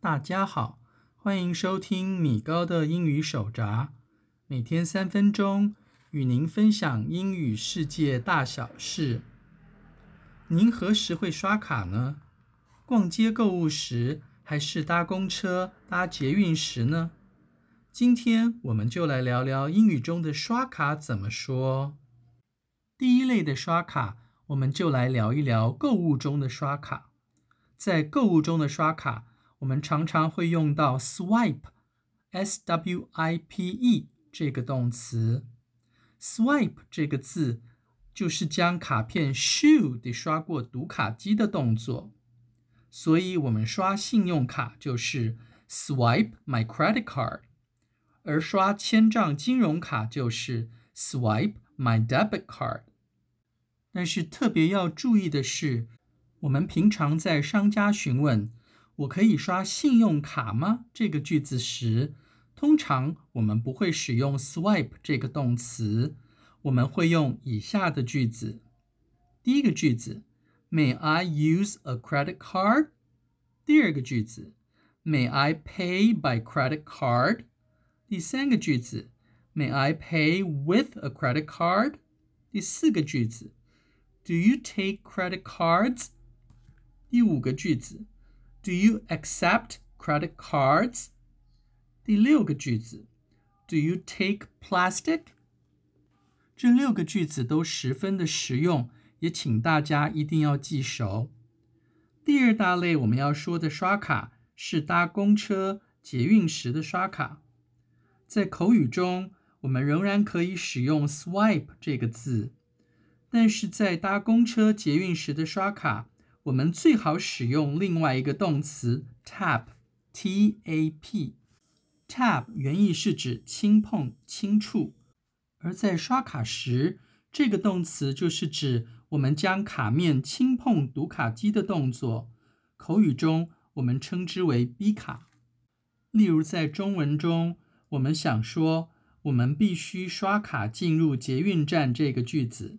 大家好，歡迎收聽米高的英語手札，每天三分鐘與您分享英語世界大小事。您何時會刷卡呢？逛街購物時，還是搭公車、搭捷運時呢？今天我們就來聊聊英語中的刷卡怎麼說。第一類的刷卡。我們就來聊一聊購物中的刷卡。在購物中的刷卡，我們常常會用到 swipe，s w i p e 這個動詞。swipe 這個字就是將卡片咻地刷過讀卡機的動作。所以，我們刷信用卡就是 swipe my credit card，而刷簽帳金融卡就是 swipe my debit card。但是特別要注意的是，我們平常在商家詢問“我可以刷信用卡嗎”這個句子時，通常我們不會使用 “swipe” 這個動詞，我們會用以下的句子：第一個句子 “May I use a credit card？” 第二個句子 “May I pay by credit card？” 第三個句子 “May I pay with a credit card？” 第四個句子。Do you take credit cards？第五個句子。Do you accept credit cards？第六個句子。Do you take plastic？這六個句子都十分的實用，也請大家一定要記熟。第二大類我們要說的刷卡是搭公車、捷運時的刷卡，在口語中我們仍然可以使用 swipe 這個字。但是在搭公車、捷運時的刷卡，我們最好使用另外一個動詞 tap，t a p，tap 原意是指輕碰、輕觸，而在刷卡時，這個動詞就是指我們將卡面輕碰讀卡機的動作。口語中我們稱之為“嗶卡”。例如，在中文中，我們想說“我們必須刷卡進入捷運站”這個句子。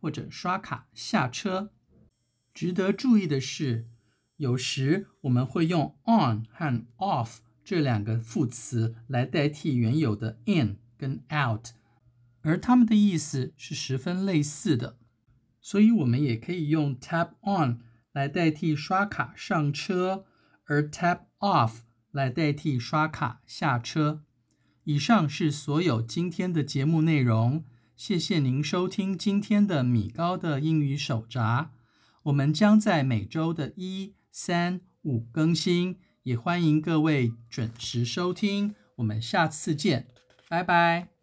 或者刷卡下車。值得注意的是，有時我們會用 on 和 off 這兩個副詞來代替原有的 in 跟 out，而它們的意思是十分類似的。所以，我們也可以用 tap on 來代替刷卡上車，而 tap off 來代替刷卡下車。以上是所有今天的節目內容。謝謝您收聽今天的米高的英語手札。我們將在每周的一、三、五更新，也歡迎各位準時收聽。我們下次見，拜拜。